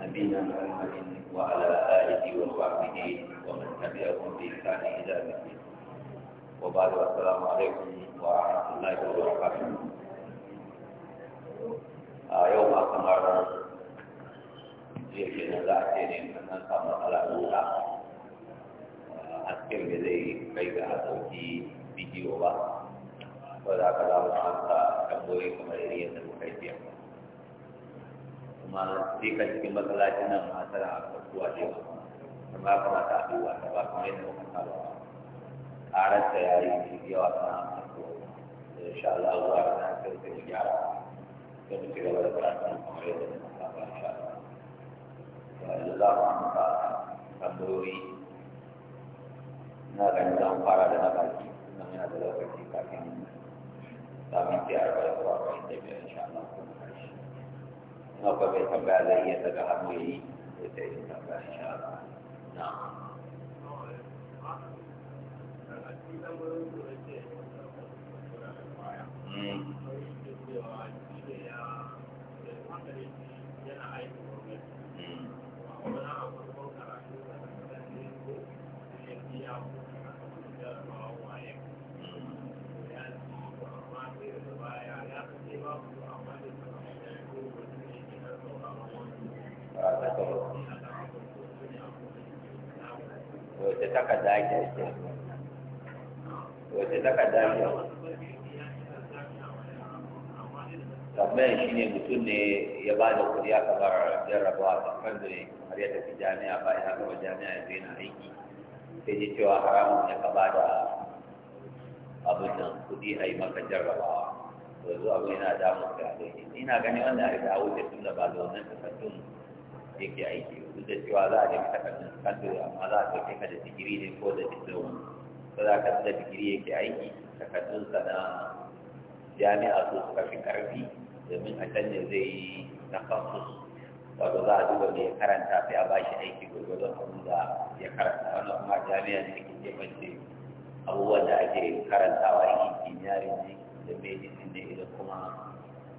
نبينا محمد وعلى آله وصحبه ومن تبعهم بإحسان إلى يوم الدين وبعد السلام عليكم ورحمة الله وبركاته يوم أكمل جيش نزاعتين من نصم على الأولى أذكر بذي بيك أسوكي فيديو بقى وذاك الله عنك كمبوي كما يريد المحيطين kuma duka cikin masallacin nan ma tana kasuwa da ba kuma ya kamata a duba ta ba kuma yadda muka saba ba ƙararta ya yi yawa tana kasuwa insha Allah zuwa ranar sai gyara sai ci gaba da karatun kamar yadda muka saba insha Allah yanzu za mu amsa tambayoyi na ganin za mu fara da na baki nan yana da lokaci kafin za mu yi fiye da arba'in da biyar insha Allah akwai mai tambaya zai da daga hannu ya yi ya ta yi wace takarda ake ake wace takarda ake tambayan shi ne mutum ne ya ba da kuɗi aka kamar jarrabawa ta kandure har ya tafi jami'a bayan ya gaba jami'a ya zai na aiki sai ji cewa haramun ya ka ba da abin nan kuɗi a yi maka jarrabawa yanzu abu yana damun ka ina gani wannan ya riga wuce tun da ba da wannan takardun yake aiki ba. duk da cewa za a nemi takardun kanto amma za a ɗauke ka da digiri ne ko da diploma ko za ka da digiri yake aiki sa na jami'a su suka fi karfi domin a can ne zai yi na kamfus wato za a duba mai karanta sai a ba shi aiki gwargwadon abin da ya karanta wannan kuma jami'a ne ke kebance abubuwan da ake karantawa yi kimiyyar ne da medicine ne idan kuma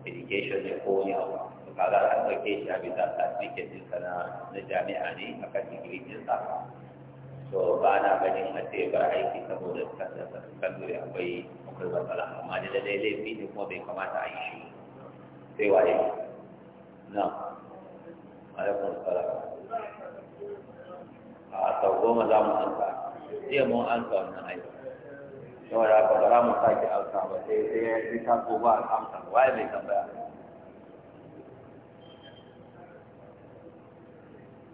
education ne ko wani abu kaga an ɗauke shi a bisa certificate ɗinsa na na jami'a ne a kan digiri ɗinsa so ba na ganin a ce ba aiki saboda kan dole akwai akwai matsala amma ne da dai laifi ne kuma bai kamata a yi shi sai waye na alaikum salam a sau goma za mu ansa jiya mun ansa wannan aiki saboda haka ba za mu sake ansa ba sai sai ta ko ba a samsa waye mai tambaya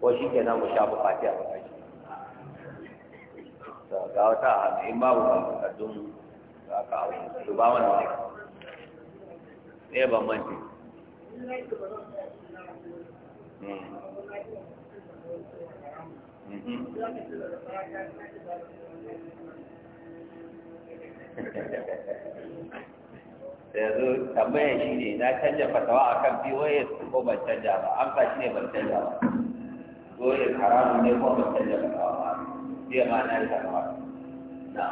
ko shi ke nan ku sha bukati a bukati ga wata a hannu in babu ba takardun za ka hau su ba wani ne ne ban manci yanzu tambayar shi ne na canja fatawa akan pos ko ban canja ba amsa shi ne ban canja ba dole haramun ne ko ba san da ba ba sai ma na yi karwa na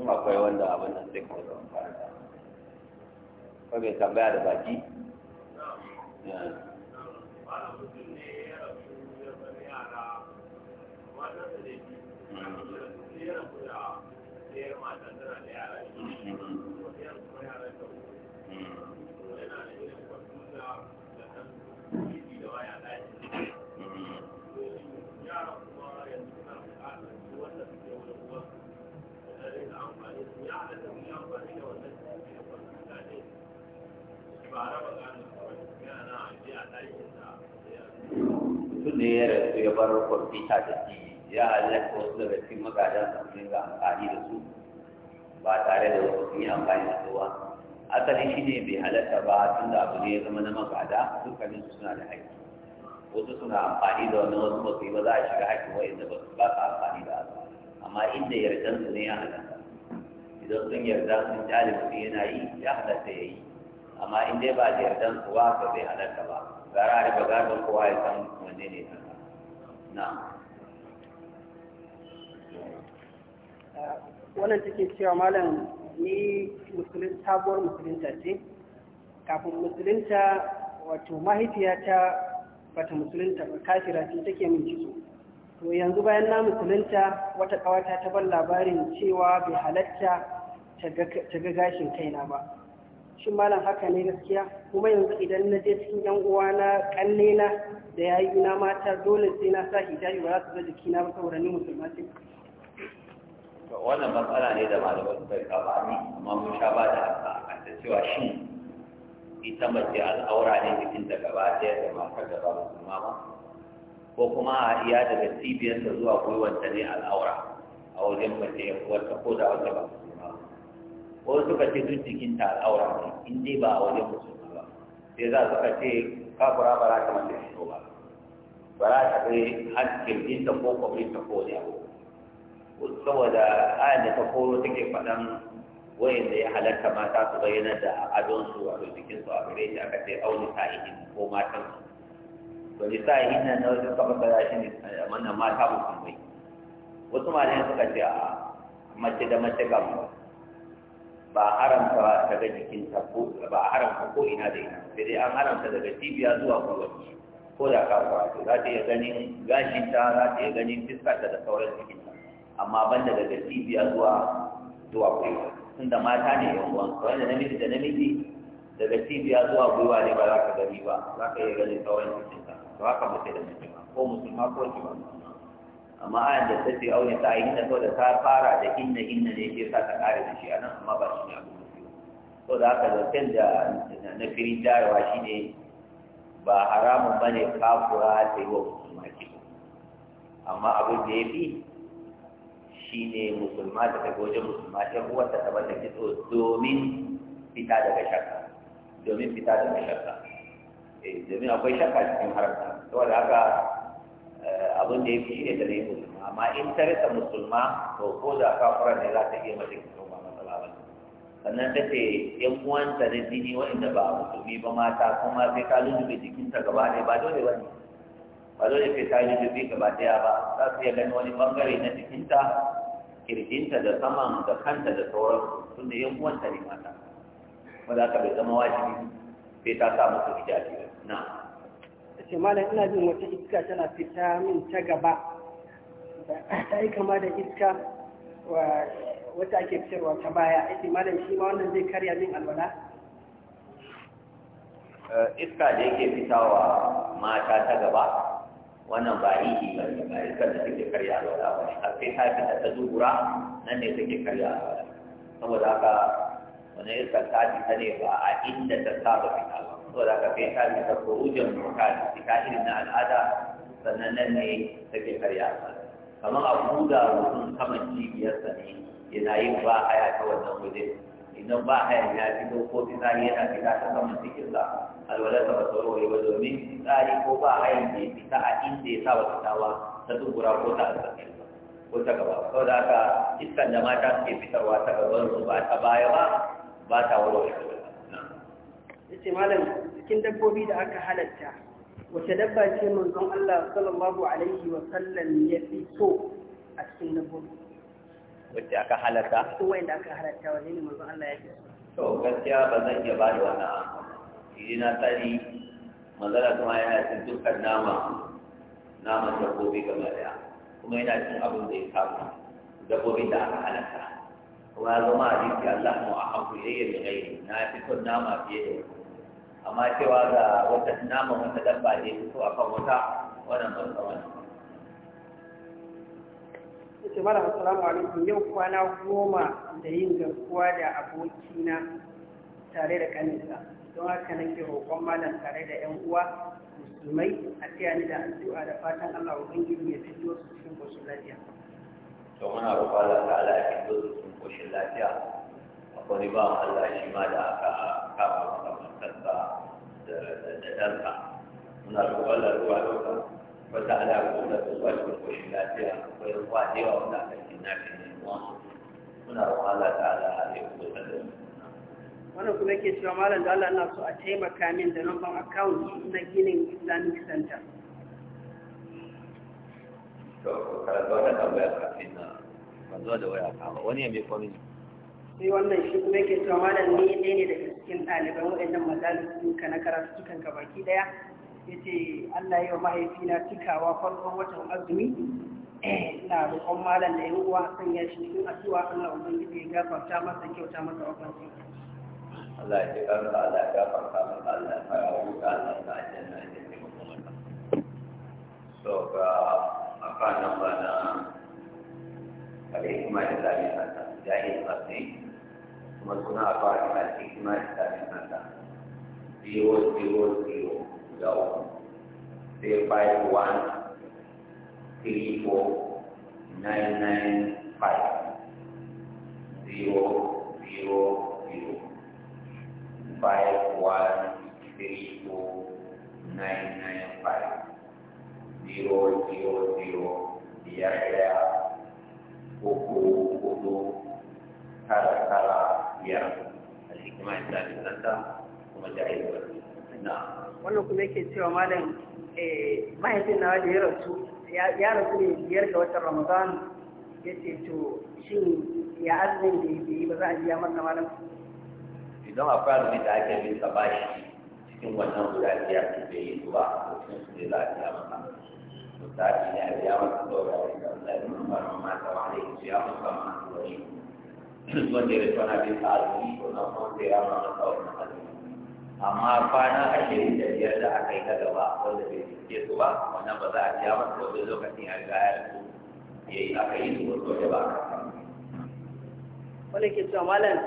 in akwai wanda abin nan sai kuma zama fara ko bai tambaya da baki Mm-hmm. mutum ne ya rasu ya bar kwamfuta da shi ya halatta wasu daga cikin magadan samun dinga amfani da su ba tare da wasu sun yi amfani da su ba asali shi ne bai halatta ba tun da abu ne ya zama na magada dukkanin su suna da haƙƙi wasu suna amfani da wani wasu ba su yi ba za a shiga haƙƙin inda ba su ba su amfani da su amma inda yardan ne ya halatta idan sun yarda sun jale mutum yana yi ya halatta ya yi amma in dai ba da yardan su ba ka bai halarta ba gara ba riba gadon kowa ya san wanne ne ta na uh, wannan take cewa malam ni musulun sabuwar musulunta ce kafin musulunta wato mahaifiyata bata musulunta ba kafira ce take min jiso to yanzu bayan na musulunta wata kawata ta ban labarin cewa bai halatta ta ga gashin kaina ba shin malam haka ne gaskiya kuma yanzu idan na je cikin yan na kanne na da yayi na mata dole sai na sa hijabi ba za su ga jikina ba saboda ni musulma ce wannan matsala ne da malamai bai yi ni amma mun sha ba da haka a ta cewa shi ita mace al'aura ne cikin da gaba ɗaya da mata gaba musulma ba ko kuma a iya daga cibiyarsa zuwa gwiwanta ne al'aura a wajen mace ya ko da wata ba ko suka ce duk cikin ta aura ne in dai ba a wajen musulmi ba sai za ka ce kafura ba za ta mace shi ba ba za ta kai hankin ta ko ta ko ne abu saboda ayan da ta koro take faɗan wayan da ya halatta mata su bayyana da su a su a gare shi aka ce auni sa'ihin ko matan su, to ni sa'ihin nan na wajen kafa tsara shi ne eh, wannan mata musulmai wasu malayan suka ce a mace da mace gamba ba a haramta daga jikin tabo ba a haramta ko ina da ina sai dai an haramta daga cibiya zuwa gwiwanci ko da ka fara to za ta iya ganin gashin ta za ta iya ganin fiskar ta da sauran jikin ta amma ban daga cibiya zuwa zuwa gwiwa tunda mata ne yan uwan wanda namiji da namiji daga cibiya zuwa gwiwa ne ba za ka gani ba za ka iya ganin sauran jikin ta to haka mace da mutum ba ko musulma ko amma ayan da ta ce aure ta yi hinna da ta fara da inna inna ne ke sa ta kare da shi a nan amma ba shi ne abu mafi so da haka zartar da na firin jarawa shi ne ba haramun ba ne kafura ta yi wa musulma ke amma abin da ya fi shi ne musulma da ta goje musulma ta wata ta bata da kitso domin fita daga shakka domin fita daga shakka eh, domin akwai shakka cikin haramta saboda haka abin da ya fi shine da na yi musulma amma in ta musulma to ko da kafara ne za ta iya mata kyau kuma matsala ba sannan ta ce yan ta na jini waɗanda ba musulmi ba mata kuma sai ta lullube jikinta gaba ɗaya ba dole ba ne ba dole sai ta lullube gaba ɗaya ba za su iya gani wani bangare na jikinta kirjinta da saman da kanta da sauran tunda yan ta ne mata wanda aka bai zama wajibi sai ta sa musu hijabi na'am ce malam ina jin wata iska tana fita min ta gaba ta yi kama da iska wata ake fitarwa ta baya ake malam shi ma wannan zai karya min alwala eh, iska da yake fitawa mata ta gaba wannan ba yi ba ne ba iska da take karya alwala ba ne a sai ta fita ta zubura nan ne suke karya alwala saboda haka wani iska ta ne ba a inda ta saba fita so fi ka kai ta bisa kurujin burkani ta irin na al'ada sannan nan ne take karya kamar a buɗa mutum cibiyar sa ne yana yin ba a ta wannan wajen idan ba haya ya fito ko fitsari yana fita ta cikin sa alwala ta bata warware ba domin tsari ko ba a da ya fita a inda ya saba fitawa ta dubura ko ta alƙarfi ko ta gaba ko da haka iskan da mata suke fitarwa ta gaban su ba ta baya ba ba ta warware ba. malam cikin dabbobi da aka halatta wace dabba ce manzon Allah sallallahu alaihi wa sallam ya fi so a cikin dabbobi wace aka halatta wai da aka halatta wani ne manzon Allah ya fi so to gaskiya ba zan iya ba da wannan idan na tsari manzala kuma yana cikin dukkan nama naman dabbobi gaba daya kuma yana cikin abin da ya samu dabbobi da aka halatta kuma zama a jiki Allah mu a hankali da gairi na fi son nama fiye da wani amma cewa ga wata nama wata dabba ne su a kan wata wannan ban san wannan mara assalamu alaikum yau kwana goma da yin garkuwa da abokina tare da kanisa don haka nake roƙon malam tare da ƴan uwa musulmai a tsaya ni da addu'a da fatan Allah wa ubangiji ya fito su cikin koshin lafiya to muna roƙon Allah ta'ala ya fito su cikin koshin lafiya wani ba Allah shi ma da aka kama masa matarsa da ɗansa muna roƙon Allah ruwa ɗauka wata ala ko da zuwa da koshin lafiya akwai ruwa da yawa wanda aka yi na fi neman muna roƙon Allah ta ala ya kusa da su wannan kuma yake cewa malam da Allah na so a taimaka min da numban account na ginin Islamic Center. To, karatu wata tambaya kafin na ban zo da waya kama wani ya mai kwamini. sai wannan shi kuma yake cewa malam ni ɗaya ne daga cikin ɗaliban waɗannan majalisun ka na karatu cikin ka baki ɗaya ya ce Allah yi wa mahaifina cikawa farkon watan azumi na roƙon malam da yan uwa san ya shi cikin addu'a Allah ubangiji ya gafarta masa kyauta masa wakansa Allah ya karka Allah ya gafarta masa Allah ya fara wuta Allah ya aljanna ya ce so ga akan nan bana kare kuma da a kan jahil ba yi. maksudnya apa dengan hikmah dan nada. Zero, zero, zero, jauh. Zero five one, three four, nine nine five. Zero, zero, zero. Five one, three four, nine nine five. Zero, zero, zero. Dia saya kuku kuku kala alhikima ya sa nisanta kuma ta na wannan kuma yake cewa malam eh, mahaifin nawa wajen ya rasu ya rasu ne biyar ga watan ramadan ya ce to shin ya azumin da ya yi ba za a biya masa malam idan akwai azumi da ake bin sa bashi cikin wannan guda biyar da bai yi ba cikin su ne za a biya masa misali ne a biya masa da wurare da Allah ya nuna mata wa alaihi su ya musamman wani wanda ya rasu na bin azumi ko na wanda ya ma masa wannan azumi amma kwana ashirin da biyar da aka yi ta gaba wanda bai suke su ba wannan ba za a ciya masa wani lokacin ya riga ya rasu ya yi aka yi su wasu wajen ba wanda ke cewa malam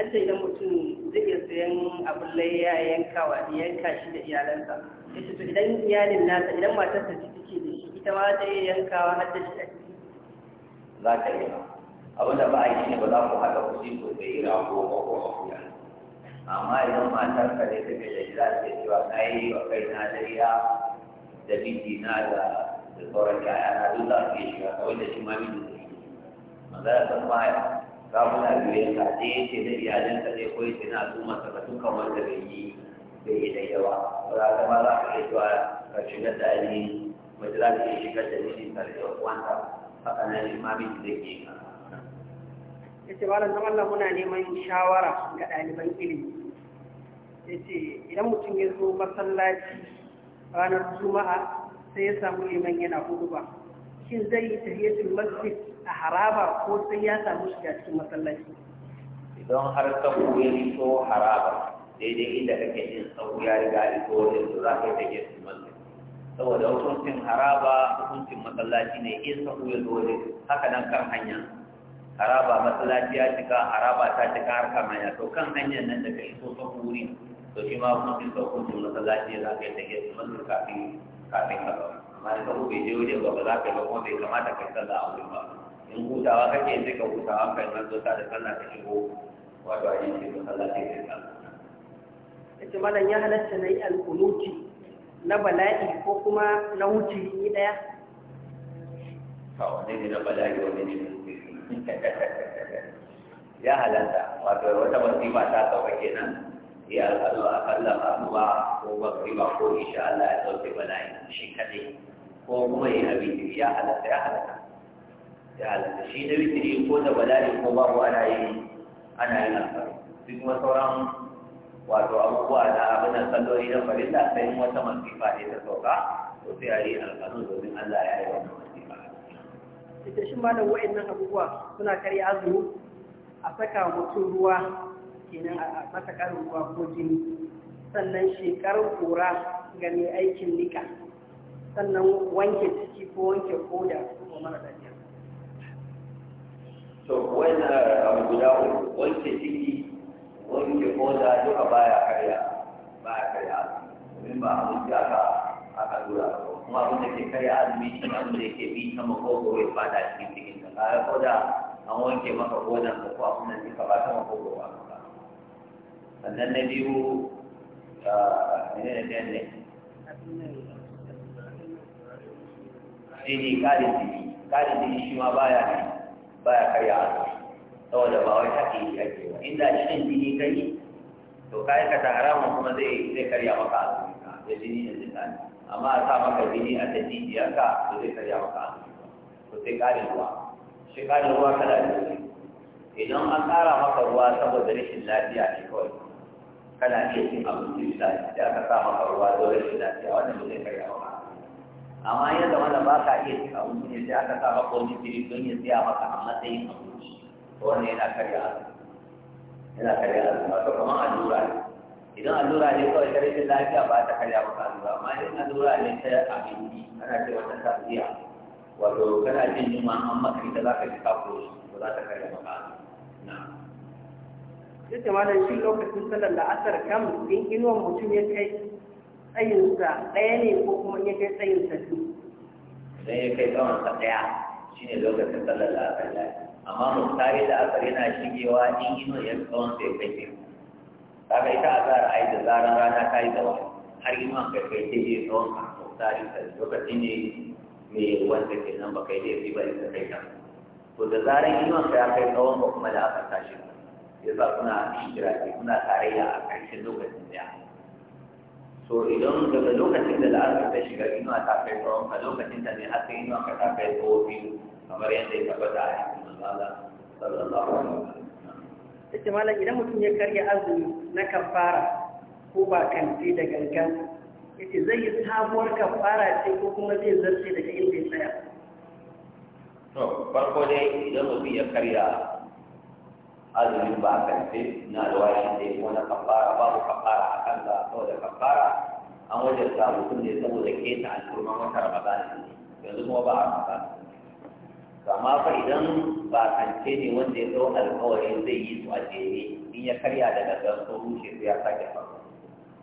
an ce idan mutum zai iya sayan abin layya yanka wa yanka shi da iyalansa ya ce to idan iyalin nasa idan matarsa ta ciki da shi ita ma ta iya yankawa har shi a abin da ba a yi shi ne ba za ku haɗa kuɗi ku yi rago ko ko akuya amma idan matar ka ne ta da za ta ce cewa na yi wa kai na dariya da biki na da da sauran kaya na duk za su iya shiga kawai da shi ma miji da shi magana ta kuma ka na biyu yanka ya ce da iyalinka ne ko ya ce na su masa ka dukkan wanda bai yi bai yi da yawa za ka ma za ka iya cewa ka shiga da ainihin mace za ka iya shigar da miji ta da yawan wanda haka na shi ma miji zai iya ya ce malam zaman nan muna neman shawara ga ɗaliban ilimi Yace idan mutum ya zo masallaci ranar juma'a sai ya samu liman yana hudu ba shin zai yi tahiyatul masjid a haraba ko sai ya samu shiga cikin masallaci idan har ka ya iso haraba daidai inda kake jin tsawo ya riga iso wajen su za ka yi tahiyatul masjid saboda hukuncin haraba hukuncin masallaci ne in sa'u ya zo haka nan kan hanya haraba masallaci ya cika haraba ta cika har kama ya to kan hanyar nan daga iso ta wuri to shi ma hukuncin ka hukuncin masallaci za ka yi ta gefe kuma kafin kafin ka ba amma da kabu bai je wuri ba ba za ka yi ba kuma bai kamata ka yi sallah a wuri ba in hutawa kake sai ka hutawa kai ma zo ta da sallah ka shigo wato a yin shi sallah sai ka Ita malam ya halatta na yi alkuluti na bala'i ko kuma na wuce ni ɗaya? Kawo ne na bala'i wani ne ya halatta wato wata wasiƙa ta sauka kenan ya alƙalu a kallon abuwa ko wasiƙa ko insha Allah ya sauke bala'i shi kaɗai ko kuma na bitiri ya halatta ya halatta ya halatta shi na bitiri ko da bala'i ko babu ana yi ana yin alƙalu duk masauran sauran wato abubuwa na abin da salloli na farilla sai wata masifa ne ta sauka ko sai a yi alƙalu domin Allah ya yi wannan ita shi malam wa'annan abubuwa suna karya azumi a saka mutum ruwa kenan a masa karin ruwa ko jini sannan shekarar kura ga mai aikin nika sannan wanke ciki ko wanke koda ko mara lafiya to wani eh, abu guda uku wanke ciki wanke koda duka baya karya baya karya domin ba abinci aka aka dura ba kuma abin da ke karya azumi shi ne abin da yake bi ta ya fada a cikin cikin ka ko da an wanke maka gonan ka ko abin da ke ka ba ta makogoro ba ka sannan na biyu ah, ne ne ne ne shi ne karin jini karin jini shi ma baya ne baya karya azumi saboda ba wai haƙi ake ba inda shan jini kai to kai haramun kuma zai karya maka azumi amma a maka jini a tajijiyarka to zai karya maka ko sai ƙarin ruwa shi ƙarin ruwa kada da wuri idan an ƙara maka ruwa saboda rashin lafiya ne kawai kana iya cin abinci misali da aka sa maka ruwa don rashin lafiya wannan ba zai karya maka amma ya zama da ba ka iya cin abinci ne sai aka sa maka wani jini don ya tsaya maka a matsayin abinci to wannan yana karya yana karya azumi to kamar allura ne idan allura ne kawai ta rikin lafiya ba ta karya maka ba, amma idan allura ne ta abinci ana ce wata tafiya wato kana jin yunwa an maka ita za ka ji kafo ba za ta karya maka na yadda ma da shi lokacin sallar da asar kam in inuwan mutum ya kai tsayinsa ɗaya ne ko kuma ya kai tsayinsa biyu idan ya kai tsawonsa ɗaya shi ne lokacin sallar da asar lafiya amma mutare da asar yana shigewa in inuwan ya tsawonsa ya kai biyu kaga ita azara ai da zaran rana ta yi gaba har iman kai kai ta yi tsawon kafin tsari ta lokaci ne me wanda ke nan ba kai da yafi ba ita kai ta to da zaran ka kai kai tsawon ba kuma da aka tashi ya sa kuna shira ke kuna tarayya a ƙarshen lokacin da so idan daga lokacin da la'asar ta shiga inuwa ta kai tsawon ka lokacin da ne har sai inuwa ka ta kai tsawo biyu kamar yadda ya tabbata a cikin manzala sallallahu alaihi sallam take malam idan mutum ya karya azumi na kafara ko ba kanti da gangan yace zai yi sabuwar kafara ce ko kuma zai zarce daga inda ya tsaya to farko dai idan mutum ya karya azumin ba kanti na alwashi dai ko na kafara babu kafara a kan da saboda kafara an wajen samu tun ne saboda keta alfurman wata ramadana yanzu kuma ba a ramadana amma fa idan ba kance ne wanda ya zo alƙawarin zai yi su a jere in ya karya daga gansu rushe su ya sake faru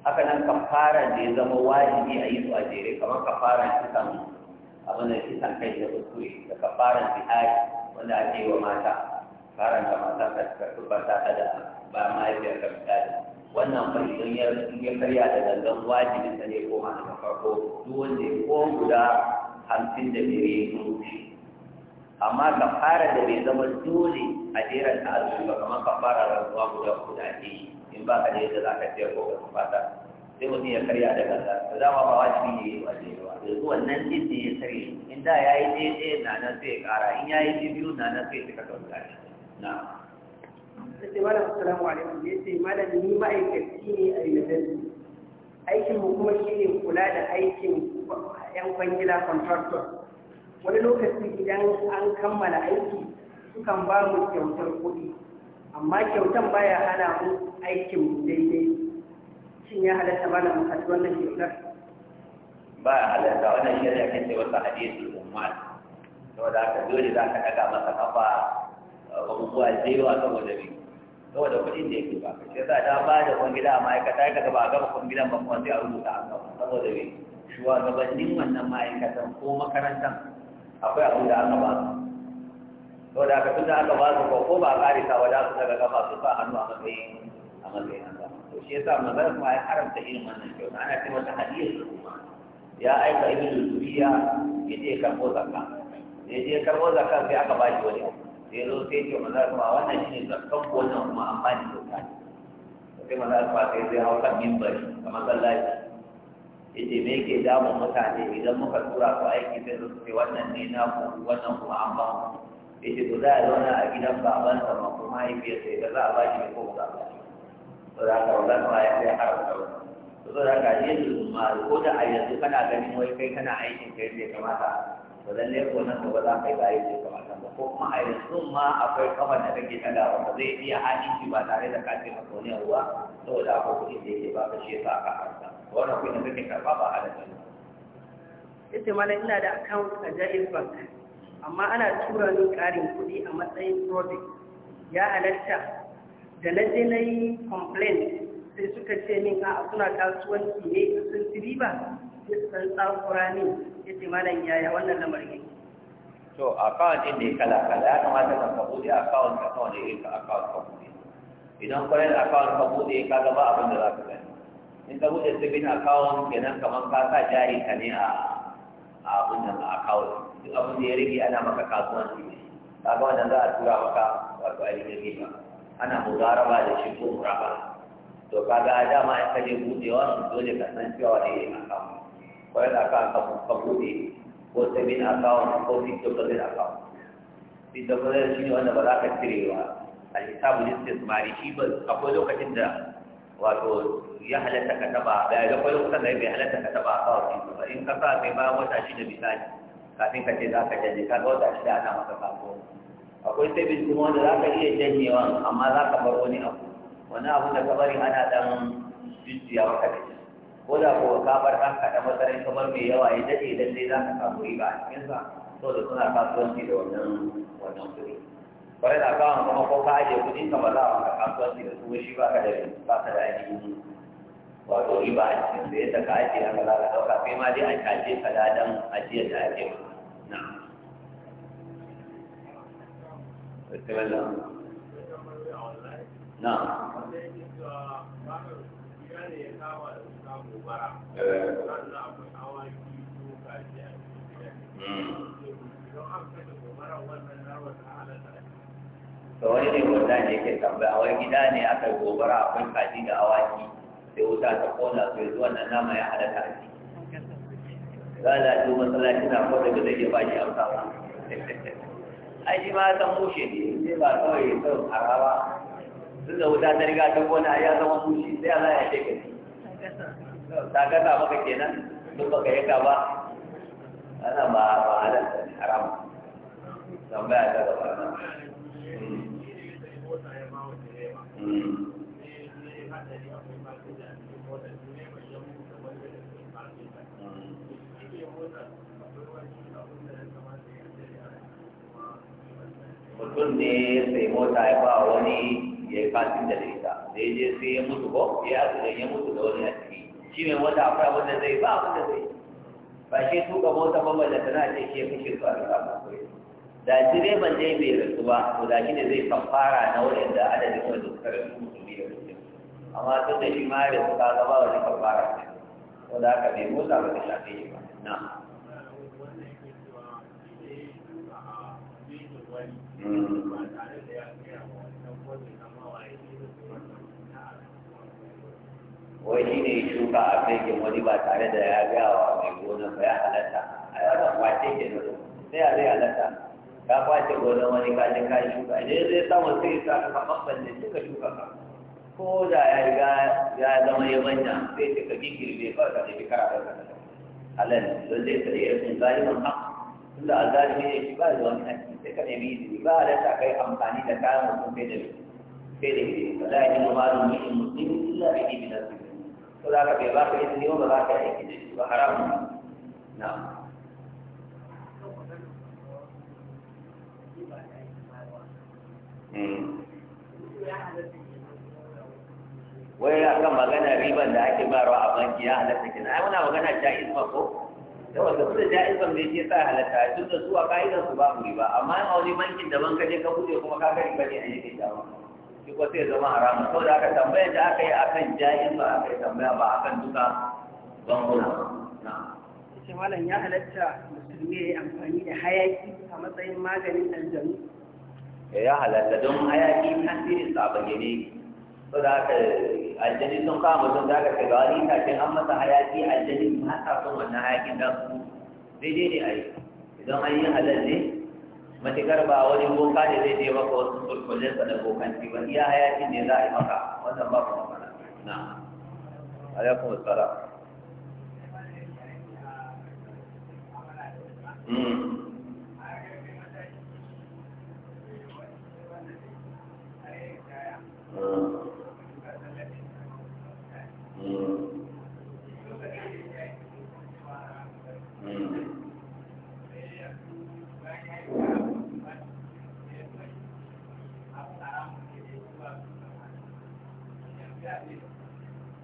haka nan kafara da ya zama wajibi a yi su a jere kamar kafara kisan abin da kisan kai da kuskure da kafara zihari wanda ake yi wa mata karanta mata ta ba ta da ba yi da misali wannan fa idan ya karya da gangan wajibi ta ne koma na farko duk wanda ya ko guda hamsin da biyu ya rushe amma kafara da bai zama dole a jeran ta azumi ba kamar kafara zuwa guda guda ake in ba ka da za ka ce ko ka fata sai mutum ya karya da kansa ka za ma ba wajibi ne ya wajibi ba yanzu wannan din da ya karye in da ya yi daidai ɗaya na nan sai ya ƙara in ya yi biyu biyu na nan sai ya cika kan guda na. Sai malam assalamu alaikum ya ce malam ni ma'aikaci ne a university aikin mu kuma ne kula da aikin 'yan kwangila contractor wani lokaci idan an kammala aiki sukan ba mu kyautar kuɗi amma kyautar baya hana mu aikin daidai shin ya halatta ba da mu kaci wannan kyautar ba ya halatta wannan shirya kan ce wata hadisi umar saboda haka dole za ka daga masa kafa eh, abubuwa da yawa saboda bi saboda kuɗin da yake ba ka ce za ta ba da kwan gida a ma'aikata ya kaga ba a gaba kwan gidan ba kuma sai a rubuta a saboda bi shugabannin wannan ma'aikatan ko makarantar akwai abin da aka ba su to da aka tunda aka ba su ko ba ka ba za su daga kafa su ba hannu a matsayin a matsayin haka to shi yasa manzon kuma ya haramta irin wannan kyauta ana ce mata hadiyar kuma ya aika ibn zuriya ya je karbo zakka ya je karbo zakka sai aka shi wani abu sai zo sai ce manzon kuma wannan shi ne zakkan ko wannan kuma amfani sosai, kyauta sai manzon kuma sai zai hau kan mimbari a masallaci yace me yake damun mutane idan muka tura ku aiki sai su ce wannan ne na ku wannan kuma an ba mu yace to za a zauna a gidan baban babansa ma ko mahaifiyarsa idan za a ba shi ko ba ba shi to da haka wannan ma ya sai har wannan to da haka yin ma ko da a yanzu kana ganin wai kai kana aikin kai bai kamata to lalle ko nan gaba za ka yi bayi kamata ba ko kuma a yanzu ma akwai kafan da kake tagawa ba zai iya haɗin ba tare da ka taimaka wani ruwa saboda akwai kuɗi da yake ba ka shi ya sa ka haramta wani kuɗin da kake karba ba a ne yace mana ina da account a Jaiz Bank amma ana tura ni ƙarin kuɗi a matsayin project ya halatta da na je na yi complaint sai suka ce min a suna kasuwanci ne a sun ci riba sai san tsakura ne yace malam yaya wannan lamarin to account din ne kala kala ya kamata ka ka da account ka kawai ne ka account ka bude idan kwarar account ka bude ka gaba abin da za ka gani in ka buɗe saving akawun kenan kamar ka sa jari ka ne a abin nan a account duk abin da ya rage ana maka kasuwanci ne ga wannan za a tura maka wato ainihin riba ana mudaraba da shi ko muraba to kaga dama in ka je buɗewa dole ka san cewa wani ne akawun. ko yana ka ka buɗe ko saving account ko fixed akawun. account fixed deposit shi ne wanda ba za ka cire ba a hisabu ne sai mari shi ba akwai lokacin da wato ya halatta ka taba da ya kwai kusan da ya bai halatta ka taba ba wasu ba in ka sa mai bayan wata shi da misali kafin ka ce za ka janye ka ga wata shi da ana masa kafo akwai sai bin kuma wanda za ka iya janyewa amma za ka bar wani abu wani abu da ka bari ana dan jujjuya maka da shi ko da ko ka bar ka da masarai bar mai yawa ya daɗe idan dai za ka samu riba a cikinsa da suna kasuwanci da wannan wannan kuɗi ba yana kawon kuma ko ka ajiye kuɗi ka ba za a maka kasuwanci da su shi ba ka da ba ka da ainihin wato riba a cikin da yadda ka ajiye haka za ka ɗauka kai ma dai a kaje ka ladan ajiyar da ake maka na na Mm. da wani ne wanda ne yake tambaya wai gida ne aka gobara akwai kaji da awaki sai wuta ta kona su yanzu wannan nama ya halatta a ciki zala ce masallaci na ko daga zai ba shi amsa ba ai shi ma san mushe ne sai ba kawai sau haraba tun da wuta ta riga ta kona ya zama mushe sai Allah ya ce gani ta gata maka kenan duk baka yaka ba ana ba ba halatta haram tambaya ta gaba mutum ne sai mota ya ba wani ya yi fasin da ita da ya je sai ya mutu ko ya asirin ya mutu da wani a ciki shi ne mota akwai abin da zai ba abin da zai ba shi tuka mota ba ba da tana ce shi ya fi shirka da kama da direban dai bai rasu ba to da shi ne zai kafara na waɗanda adadin wanda suka rasu musulmi da musulmi amma tun da shi ma rasu ka gaba wani kafara ne ko da aka bai motsa ba ta shafe shi ba na hmm. wai shi ne shuka a fekin wani ba tare da ya gawa mai gona ba ya halatta a yawan kwace ke nuna sai a zai halatta ka kwace gonan wani ka je ka shuka ne zai samu sai sa ka kamar da shi ka shuka ka ko da ya riga ya zama manya sai ka bai fara ka tafi kara ka kasa halal don zai ka iya sun zalimin haƙ tun a zalimi ne shi ba da wani haƙi sai ka nemi izini ba da ta kai amfani da kayan mutum sai da mai sai da izini ba za a yi noma da mutum mutum illa da izini na su ko za ka bai ba ka izini ba za ka yi aiki da shi ba haramun na'am Hmm. wai a kan magana riban da ake barwa a banki ya halatta kina ai muna magana ja'iz ba ko da wanda kuma da ja'iz ban bai ce sa halatta tun da su a ka'idan su babu riba amma in wani bankin daban ka je ka buɗe kuma ka ga riba ne a yake jawo shi ko sai zama haramu saboda aka tambaya da aka yi akan ja'iz ba aka yi tambaya ba akan duka bankuna ce malam ya halatta musulmi ya yi amfani da hayaki a matsayin maganin aljanu Eh, ya halatta don hayaki kan tasirin sa bayyane so da aka aljani sun kama sun da aka kai gawari kafin an masa hayaki aljani ba sa son wannan hayakin da daidai ne a yi idan an yi halal ne matuƙar ba wani boka ne zai je maka wasu kulkulen sa da bokanci ba iya hayakin ne za a yi maka wannan ba kuma mana na alaikum assalam Mm.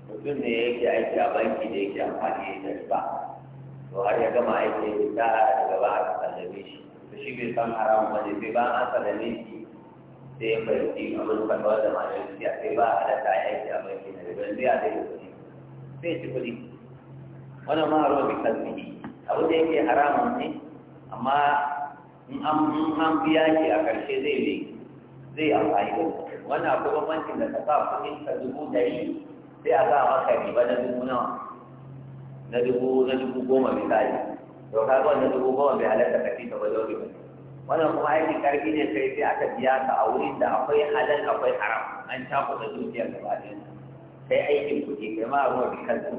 mutum ne yake aiki a banki da yake amfani da to har ya gama aiki da daga ba a sallame shi to shi bai san haramun ba an sallame shi sai ya fahimci abin farwa da malam ya sai ba a da kayan shi a mai kina da zai a zai kuɗi sai ci kuɗi wannan ma ruwa bi kalmihi abu da yake haramun ne amma in an biya shi a ƙarshe zai ne da wannan da sa dubu sai a sa maka riba na dubu nawa na dubu dubu goma bai ba dole ba wannan kuma aikin karfi ne sai sai aka biya ka a wurin da akwai halal akwai haram an shafa da dukiyar gaba ɗaya Sai aikin kuɗi kai ma ruwa bi kanka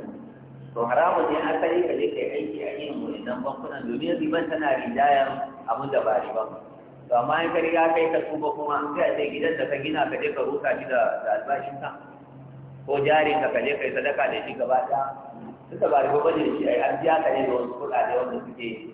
to haramu ne kai ka je kai aiki a irin nan bankunan domin riban tana ridayar abin da ba riban to amma in ka riga kai ka tuba kuma sai a sai gidan da ka gina ka je ka rusa shi da albashin ka ko jarin ka ka je kai sadaka da shi gaba ɗaya duka ba riba bane shi ai an biya ka ne da wasu kuɗaɗe wanda suke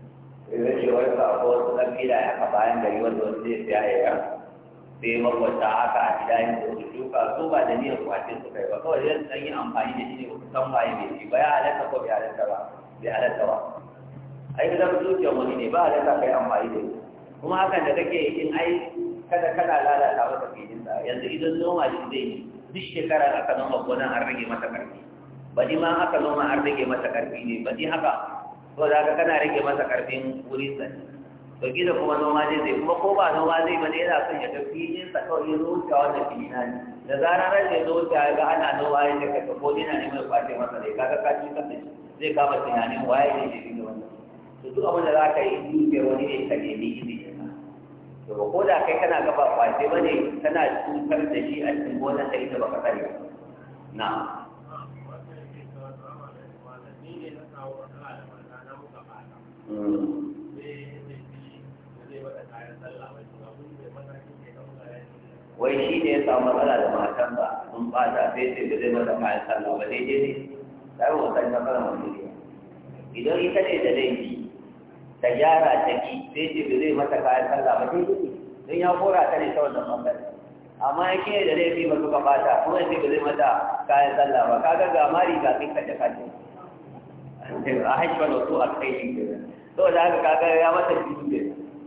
idan shi wani sako wasu ɗan fila ya ka bayan gari wanda wani zai siya ya yan sai makwata haka a gida yin da wasu shuka su ba da niyyar kwace su kai ba kawai zai san yin amfani da shi ne wasu san waye mai shi ba ya halatta ko bai halatta ba bai halatta ba ai ka zama zuciyar wani ne ba halatta kai amfani da shi kuma hakan da kake in ai kada kana lalata masa filinsa yanzu idan noma shi zai yi duk shekara aka noma gonan an rage masa ƙarfi baɗi ma aka noma an rage masa ƙarfi ne baɗi haka ko da haka kana rage masa karfin wurin sa to gida kuma noma zai zai kuma ko ba noma zai ba ne yana son ya ga filin sa kawai ya zo wanda ke fili ne da zarar ran ya zo ga ana noma ya ce ka ko ina ne mai kwace masa ne kaga ka ci kan shi zai kama tunanin waye ne ya shiga wannan to duk abin da za ka yi dukiyar wani ne ka nemi izini to ko da kai kana gaba kwace ba ne, kana cutar da shi a cikin gonar da ita baka sani na wai shi ne ya samu matsala da matan ba sun bata sai sai da zai mata kayan sallah ba daidai ne yi wasan ta fara ne idan ita ne da laifi ta gyara ta ki sai sai da zai mata kayan sallah ba daidai ne don ya kora ta ne ta wannan bangare amma ya ke da laifi ba suka bata kuma sai da zai mata kayan sallah ba kaga ga mari ga sun kaje kaje kace a haifar wasu a kai shi ke so da haka kaga ya mata biyu ne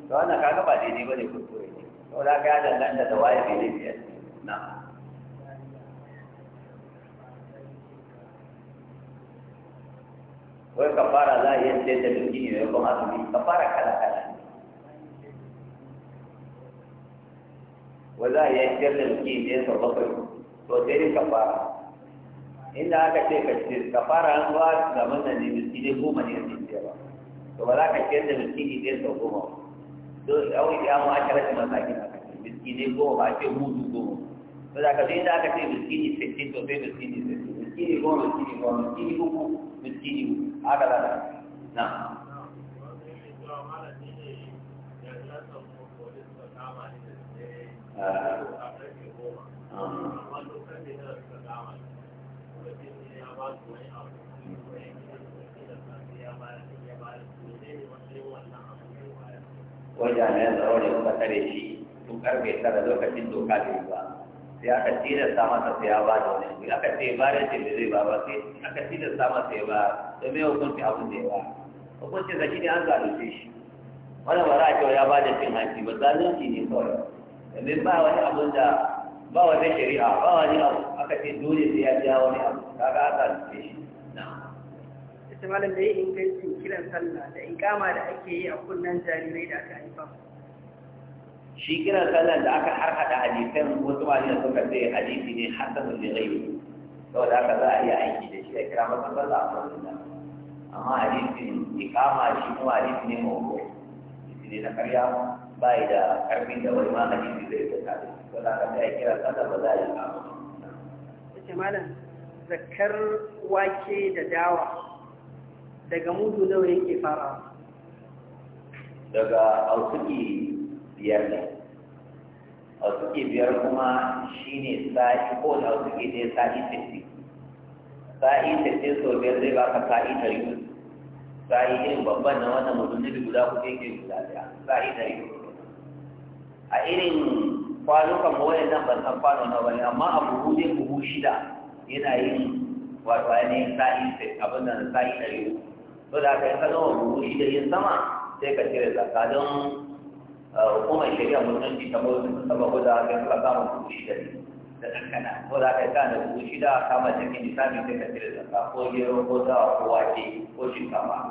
to wannan kaga ba daidai bane kuskure ne to da haka ya danganta da waye bai daidai na wai kafara za a yi yadda da duki ne ya kuma ka kafara kala kala wai za a yi yadda da duki ne ya sau bakwai to sai dai kafara inda aka ce ka ce kafara an zuwa zaman nan ne miski ne goma ne ya ce ba to ba za ka ciyar da miskini zai sau goma don yawon ya mu aka rashin masakin aka ce miskinai goma ba ce mudu goma to da ka zai da aka ce miskini sittin to sai miskini sittin miskini goma miskini goma miskini uku miskini uku haka za na. Uh, eh. ah. wajen yan tsaro da suka tare shi tun karfe tara lokacin doka da ba sai aka sama ta sai ya ba da wani abu aka ce ba da ce da zai ba ba sai aka sama ta ya ba don me ta abun da yawa ba hukuncin zaki shi ne an ce shi wani ba za a cewa ya ba da cin hanci ba zalunci ne kawai me ba wani abun da ba wani shari'a ba wani abu aka ce dole sai ya biya wani abu kaga an zalunce shi ta malam da ya ingancin kiran sallah da ikama da ake yi a kunnan jarirai da aka haifa shi kiran sallah da aka harhaɗa hadisan wasu malamai suka ce hadisi ne hasanun da gaibi saboda haka za a iya aiki da shi a kira masa sallah a wannan nan amma hadisin ikama shi kuma hadisi ne mawuƙo hadisi ne na karya ba da ƙarfin da wani ma hadisi zai fita da shi saboda haka sai a kira sallah ba za a yi ikama. Malam, zakar wake da dawa daga mutu nawa yake fara daga ausuki biyar ne ausuki biyar kuma shine sa'i ko da ausuki ne sa'i tafi sa'i tafi so biyar zai baka sa'i tari sa'i irin babban na wannan mutum guda kuɗi ke guda daya sa'i tari a irin kwanukan mawai nan ban san kwano na wani amma a buhu zai buhu shida yana yin wato ainihin sa'i abin da sa'i tari to da aka yi ka zama burushi da yin sama sai ka cire zakka don uh, hukumar shari'a musulunci ta mawuzi saboda da aka yi ka kama burushi da yin da kankana ko da aka yi kana dubu shida kama cikin lissafi sai ka cire zakka ko gero ko dawa ko wake ko shinkafa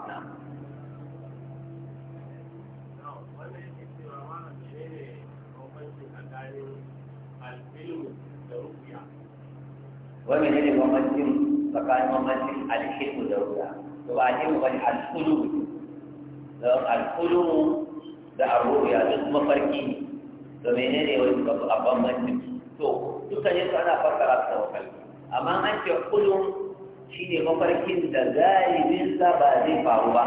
wani ne ne mamancin tsakanin mamancin alhilmu da ruya to ba addini al-qulub da al-qulub da aruri a duk mafarki to menene wani babu abambanci to ne su ana fassara su da wakali amma an ce shi ne mafarkin da galibin sa ba zai faru ba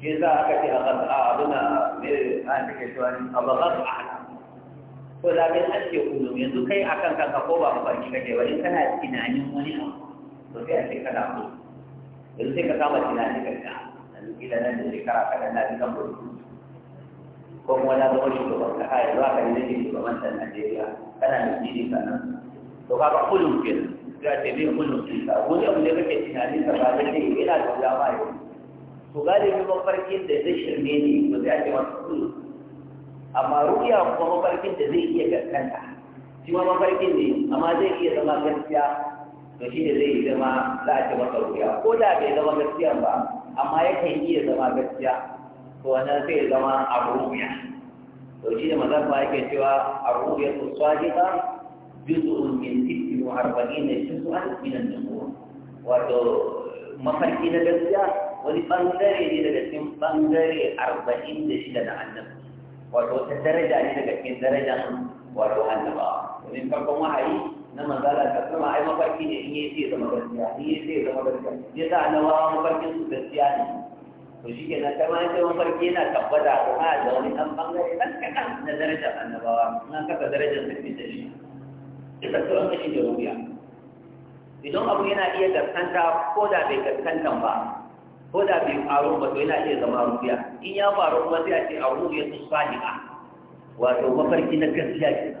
shi za a kashe a a abuna mai a take cewa ni abu gasa ahla ko da bin an ce kulu yanzu kai akan kanka ko ba mafarki kake ba in kana tunanin wani abu to sai a ce kana kulum yanzu sai ka kama tunani kanka yanzu kila nan da shekara kada na ji kan burkutu ko kuma na zama shugaban kasa ya zuwa kan nake shugaban ta Najeriya kana da jini sannan to kaga kullum ke ya ce ne kullum ke ka wani abu da kake tunani ka ba da ne ina da dama yau to galibi mafarkin da zai shirme ni to zai a ce masa kullum amma ruya kuma mafarkin da zai iya gaskanta shi ma mafarkin ne amma zai iya zama gaskiya to shi ne zai zama za a ce masa wuya ko da bai zama gaskiya ba amma yakan iya zama gaskiya to wannan zai zama a ruya to shi ne mazan ba yake cewa a ruya su sadiqa juz'un min sittin wa arba'in juz'an min an-nubuwa wato mafarki na gaskiya wani bangare ne daga cikin bangare arba'in da shida na annabi wato wata daraja ne daga cikin darajan wato annabawa domin farkon wahayi na manzala ta kuma ai mafarki ne in yi sai zama gaskiya in yi sai zama gaskiya ya sa na wawa mafarkin su gaskiya ne to shi ke nan kama ce mafarki yana tabbata ko a da wani ɗan bangare ɗan kaɗan na darajar annabawa na kasa darajar da da shi da sauran kashi da rubiya idan abu yana iya gaskanta ko da bai gaskanta ba ko da bai faru ba to yana iya zama rubiya in ya faru kuma sai a ce a rubiya su sahiha wato mafarki na gaskiya kenan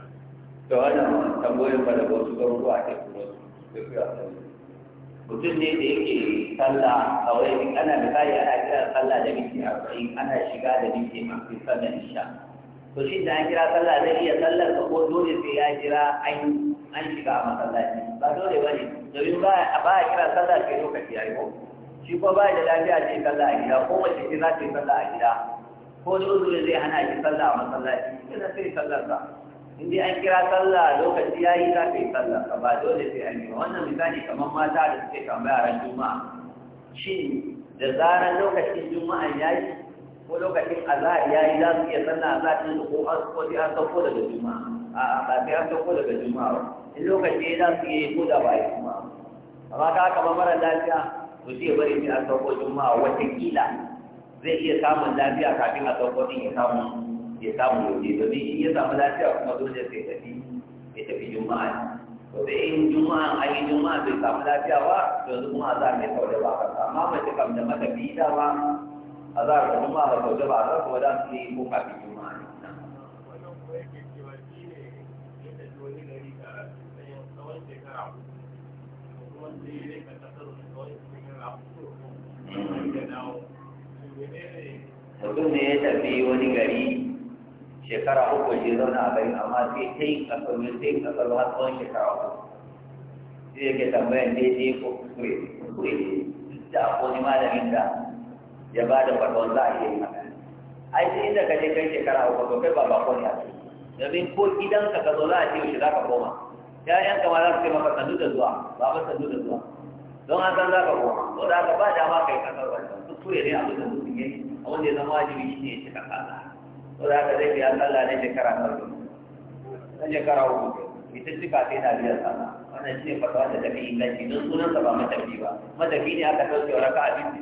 da wannan tambayoyin ba daga wasu garuruwa ke kuma su mutum ne da yake sallah a wani ana misali ana kira sallah da minti arba'in ana shiga da minti hamsin sallar isha to shi da an kira sallah zai iya sallar ka ko dole sai ya jira an shiga a masallaci ba dole ba ne domin ba a kira sallah sai lokaci ya yi ko shi ko ba da lafiya ce sallah a gida ko mace ce za ta yi sallah a gida ko dole zai hana shi sallah a masallaci sai sallar ka. in dai an kira sallah lokaci ya yi za ka yi sallah ka ba dole sai an yi wannan misali kamar mata da suke tambaya ran juma'a shin da zarar lokacin juma'a ya yi ko lokacin azhar ya yi za su iya sallah azhar din ko an ko sai an sauko daga juma'a a ba sai an sauko daga juma'a in lokaci ya za su iya yi ko da ba yi juma'a amma ka kamar mara lafiya to sai bari sai an sauko juma'a wataƙila zai iya samun lafiya kafin a sauko din ya samu ya samu yauje domin ya samu lafiya kuma dole sai tafi ya tafi juma'a to sai yin juma'a an yi juma'a bai samu lafiya ba yanzu kuma a za mai kauda ba a kasa amma mace kam da mata bi ba a za ta juma'a ba kauda ba kasa kuma za su yi ko kafin juma'a ne. mutum ne ya tafi wani gari shekara uku shi zauna a gari amma sai ta yi kasar sai ta yi kasar har tsawon shekara uku sai yake tambayar daidai ko kuskure kuskure da akwai malamin da ya ba da kwadon za a iya yi haka ai sai inda ka je kai shekara uku to kai ba ba ko ne a kai domin ko idan ka zo za a ce yaushe za ka koma ya'yan kama za su ce maka sandu da zuwa ba ba sandu da zuwa don an san za ka koma ko da ka ba dama kai kasar wannan kuskure ne a da mutum ya a wanda ya zama wajibi shi ne ya cika kasa ko da ka zai biya sallah ne shekara sarki na shekara uku ita ci sai na biyar sallah wannan shi ne fatawa da tafi inganci don sunansa ba matafi ba matafi ne aka sauke wa a biyu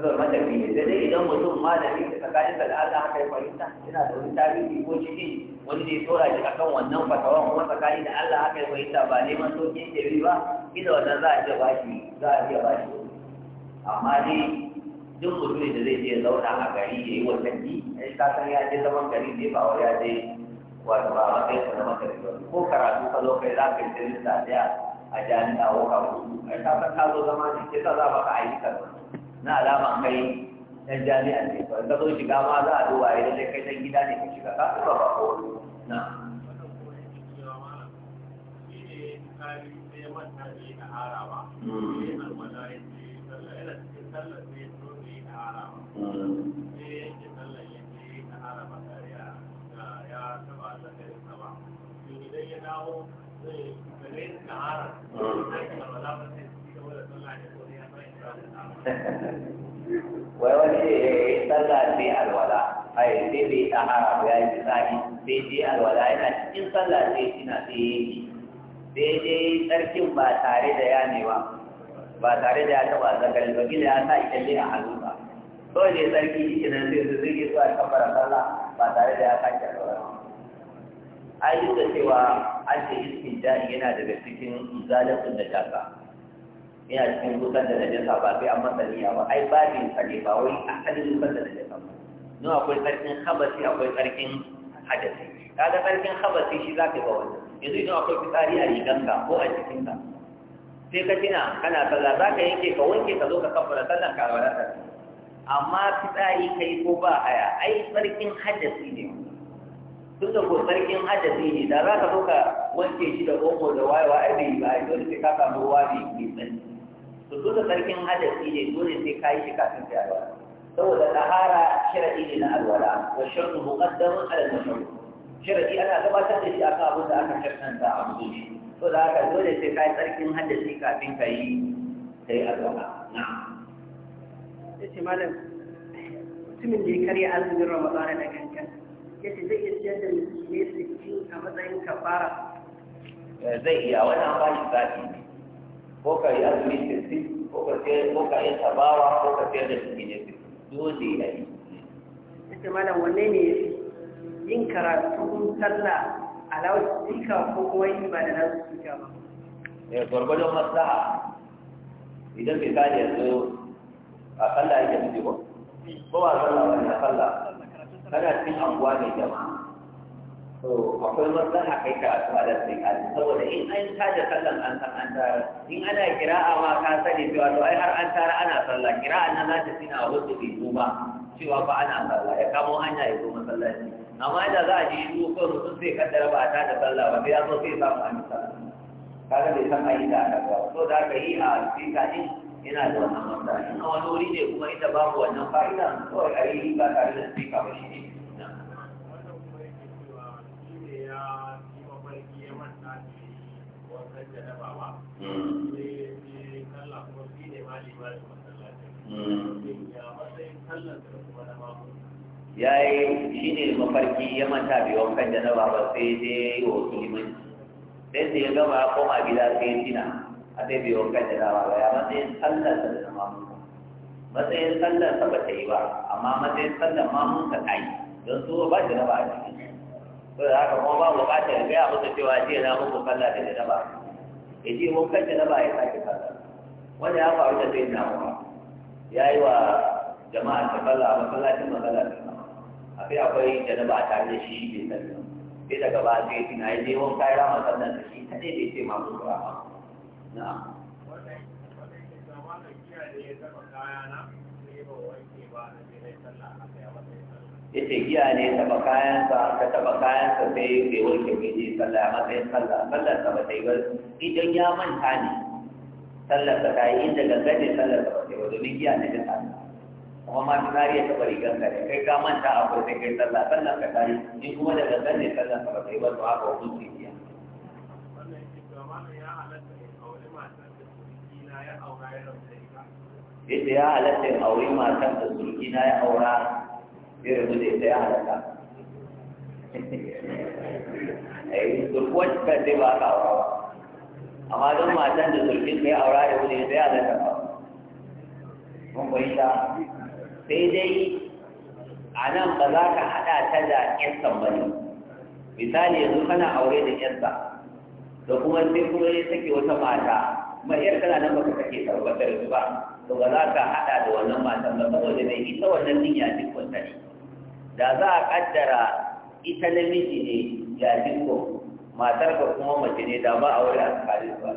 azar matafi ne sai dai idan mutum ma da tsakanin da Allah haka ya fahimta yana da wani tarihi ko ciki wani ne tsora shi akan wannan fatawan kuma tsakanin da Allah haka ya fahimta ba neman sauƙin shiri ba inda wannan za a iya shi za a iya shi amma dai duk mutumin da zai je zauna a gari ya yi wannan ji a yi san ya je zaman gari ne ba wa ya je wato ba wa kai zaman gari ba ko karatu ka zo kai za ka yi tirista daya a jami'a ko ka hudu a yi san ka zo zama ne ke kisa za ka ayyuka na alama kai dan jami'a ne ba ka zo shiga ma za a duba idan dai kai dan gida ne ka shiga ka ba ba ko na Mm. wai wani sallah sai alwala ai sai bai tahara ya yi tsari sai dai alwala yana cikin sallah sai suna tsaye yi sai dai tsarkin ba tare da ya ne ba tare da ya taba zakar ba gida ya sa italle a hannu ba kawai ne tsarki shi nan zai zai zai zuwa kafara sallah ba tare da ya sake ai da cewa an ce istinja'i yana daga cikin zalatun da jaka yana cikin wutar da najasa ba sai an masa niyya ba ai babin sa ne ba wai asalin wutar da najasa ba don akwai tsarkin habasi akwai tsarkin hadasi kaga tsarkin habasi shi za ka yi ba wani yanzu idan akwai fitsari a riganka ko a jikinka sai ka gina kana sallah za ka yanke ka wanke ka zo ka kammala sallan ka a amma fitsari kai ko ba haya ai tsarkin hadasi ne duk da ko sarkin hadasi ne da za ka zo ka wanke shi da omo da wayewa ai bai ba ai dole sai ka samu ruwa mai mai tsanani to duk da sarkin hadasi ne dole sai ka yi shi kafin sai alwala saboda tahara sharadi ne na alwala wa sharru muqaddamun ala al-mashru sharadi ana gabatar da shi akan abin da aka shirkanta a mutum to da haka dole sai ka yi tsarkin haddashi kafin ka yi ta yi alwala na ya ce malam mutumin da ya karya azumin ramadana na gangan yake zai iya ciyar da miskinai sittin a matsayin kafara eh, zai iya wani ba shi zaɓi ne ko ka yi azumi sittin ko ka ko ka yi tabawa ko ka sayar da miskinai sittin dole ya yi yace malam wanne ne yin karatu sallah alawar sika ko kuma yi ba da nasu sika ba eh gwargwadon maslaha idan misali yanzu a sallah yake fito ko ba sallah ba ne a sallah kana cikin anguwa mai jama'a to akwai maslaha kai ka karatu a dasa kaji saboda in an tada sallan an san an tara in ana kira'a ma ka sani cewa to ai har an tara ana sallah kira'an nan zata tina wasu bai zo ba cewa ba ana sallah ya kamo hanya ya zo masallaci amma da za a ji shi ko mutum zai kaddara ba a tada sallah ba sai ya zo sai samu an sallah kaga bai san ayi da aka ba so da ka yi a sika din yana da wannan matsala in a wani wuri ne kuma ita babu wannan fa'ida kawai a yi ba tare da sika ba shi ne hmm. ya yi shi ne mafarki ya manta bai wankan janaba ba sai dai wa limanci sai da ya gama koma gida sai ya tina abin bai wanka da rawa ba ya matsayin sallar da ta mamunka matsayin sallar ta bata yi ba amma matsayin sallar mamunka ta yi don su ba na ba a cikin ko da haka kuma ba mu bukatar ya gaya musu cewa jiya na muku sallah da ta raba ya ji wanka da ba ya sake sallah wanda ya faru da zai na ba ya yi wa jama'a ta sallah a masallacin masallah da ta a fi akwai da na ba tare da shi bai sallah sai daga ba sai tina ya je wanka ya rama sallah da shi ta ne bai ma mamunka ba na ya ce giya ne taba kayansa ka taba kayansa sai bai wanke bai je sallah a matsayin sallah sallar sa ba ta yi ba idan ya manta ne sallar sa ta yi inda gangan ne sallar sa ba ta yi ba domin giya ne ta sallah kuma ma tunari ya taba rigan ka ne kai ka manta a kai sai kai sallah sallar ka ta yi in kuma da gangan ne sallar sa ba ta yi ba to haka hukunci yadda ya halatta a aure matan da surki na ya aura ya da ita ya halatta ai surkuwar eh, ta zai ba ka aura ba amma don matan da surkin ka ya aura ya da ita ya halatta ba mun ta, sai dai a nan ba za ka haɗa ta da ƴansan ba ne misali yanzu kana aure da ƴansa da kuma sai kuma ya take wata mata kuma yar kana nan baka kake tabbatar ba to ba za ka hada da wannan matan ba saboda mai ita wannan din ya jikon ta ne da za a kaddara ita namiji ne ya jiko matar ka kuma mace ne da ba a wuri a tsakanin ba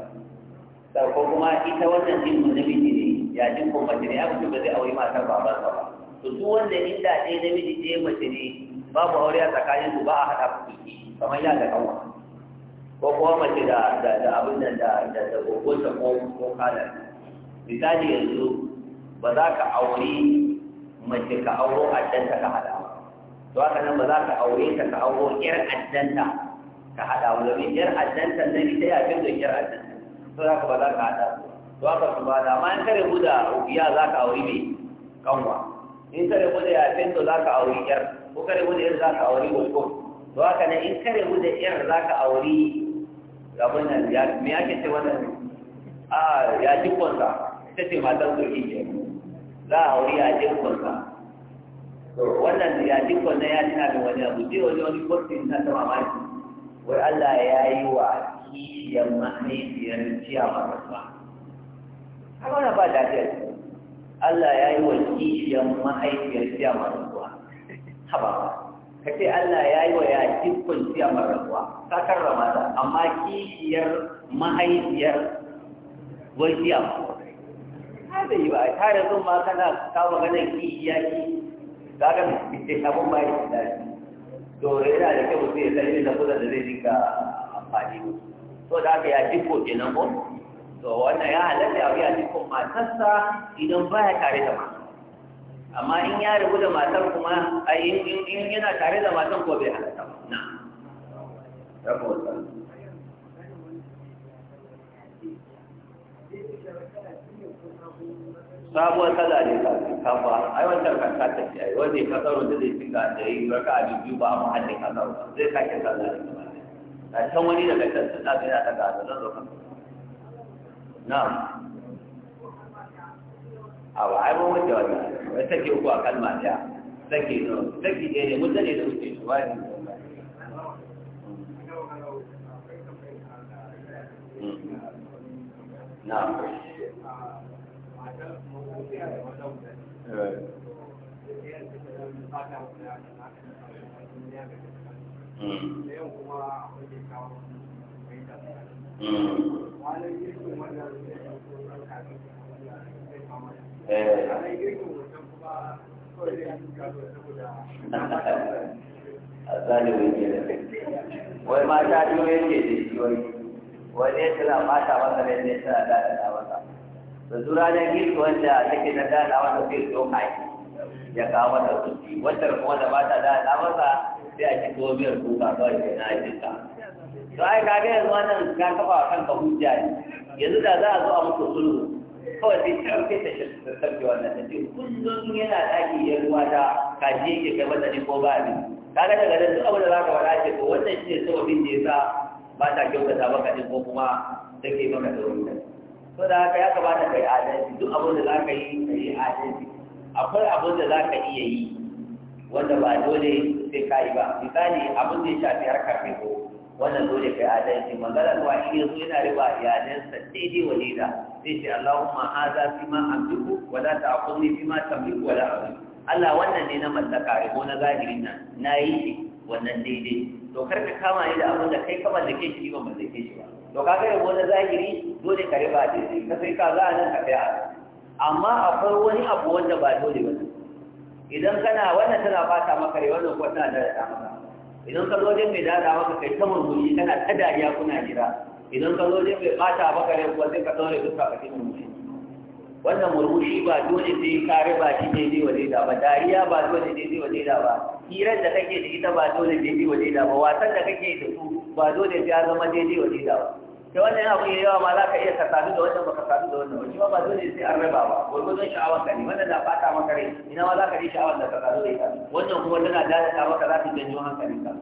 sai ko kuma ita wannan din namiji ne ya jiko mace ne ya mutu ba zai wuri matar baban ba ba, to duk wanda inda ɗaya namiji ɗaya mace ne babu aure a tsakanin su ba a hada kuɗi kamar ya da kanwa ko kuma mace da da abin nan da da da gogonta ko ko kalar misali yanzu ba za ka aure mace ka auro addanta ka hada to haka nan ba za ka aure ta ka aure yar addanta ka hada wa domin yar addanta ne ita ya fi da yar addanta to haka ba za ka hada to haka su ba da amma in kare mu da ubiya za ka aure mai kanwa in kare mu da yafin to za ka aure yar ko kare mu da yar za ka aure wato to haka nan in kare mu da yar za ka aure abin nan ya me ake ce wannan a ya jikonsa ita ce matar turki ce za a wuri ya jikonsa wannan ya jikonsa ya tana da wani abu sai wani wani kwastin na ta mamaki wai Allah ya yi wa kishiyar mahaifiyar ciya marasa a wani ba da dafiya Allah ya yi wa kishiyar mahaifiyar ciya marasa haba ba ka ce Allah ya yi wa yaki kwanciya mararwa ta karrama ta amma kishiyar mahaifiyar wajiya ba ta da yi ba tare da ma kana kawo ganin kishiya ki ka ga abin ba ya da to rera da kyau sai ne da kuma da zai dinka amfani to da ka ya jiko kenan ko to wannan ya halatta ya jikon tassa idan baya tare da mu. amma in ya rabu da matar kuma a in yana tare da matan ko bai halatta ba na rabu wata sabuwar kala ne kafa ai wancan kan ta tafi ai wanda ya kasaro da zai fi da yi raka a biyu ba mu hadin kasaro zai sake sallah ne kamar da can wani daga can sun zaɓe na daga da zan zo na a ba ai mun wuce wai take uku a kalma ɗaya take da take ɗaya ne mutane da wuce shi ne na Mm. a zalibin ke wai mata biyu yake da shi wani wani tana mata masa ne ne tana dadada masa da zura na girki wanda take na da dadada masa zai zo kai ya kawo mata kuɗi wanda kuma da mata dadada masa sai a cikin biyar kuka ba sai na jinka to ai kage yanzu wannan ka kafa wa kanka hujja ne yanzu da za a zo a muku sulhu kawai sai karfe ta shi da sarki wannan ta ce kullum yana ɗaki ya ruwa ta kaji yake kai mata ne ko ba ni kaga daga nan duk abin da za ka faɗa ce to wannan shi ne sababin da ya sa ba ta kyautata maka ne ko kuma take maka saurin da so da haka ya kamata ka yi adalci duk abin da za ka yi ka yi adalci akwai abin da za ka iya yi wanda ba dole sai ka yi ba misali abin da ya shafi harkar mai ko wannan dole kai adalci maganar wa shi yazo yana riba iyalansa daidai walida daida zai ce Allahumma hadha fi ma amliku wa la ta'khudni fi ma tamliku wa la amliku Allah wannan ne na mallaka ko na zahirin nan nayi shi wannan daidai to kar ka kama ni da abin da kai ka mallake shi ba mallake shi ba to kaga ribo na zahiri dole ka riba daidai ka sai ka za nan ka kai amma akwai wani abu wanda ba dole ba idan kana wannan tana fata maka rai wannan ko tana da ta maka idan ka zo wajen mai dada maka kai ta murmuri kana ta dariya kuna jira idan ka zo wajen mai bata maka rai kuwa sai ka daure duk ka ci murmushi wannan murmushi ba dole sai ka ba shi daidai wa daida ba dariya ba dole daidai wa daida ba hirar da kake da ita ba dole daidai wa daida ba wasan da kake da su ba dole sai ya zama daidai wa daida ba da wannan yana ya yawa ma za ka iya ka sadu da wannan baka sadu da wannan ba shi ma ba dole sai an raba ba gurgurdon sha'awar ka ne wannan na fata maka rai ina ma za ka yi sha'awar da ka sadu da ita wannan kuma tana dalata maka za ta janyo ka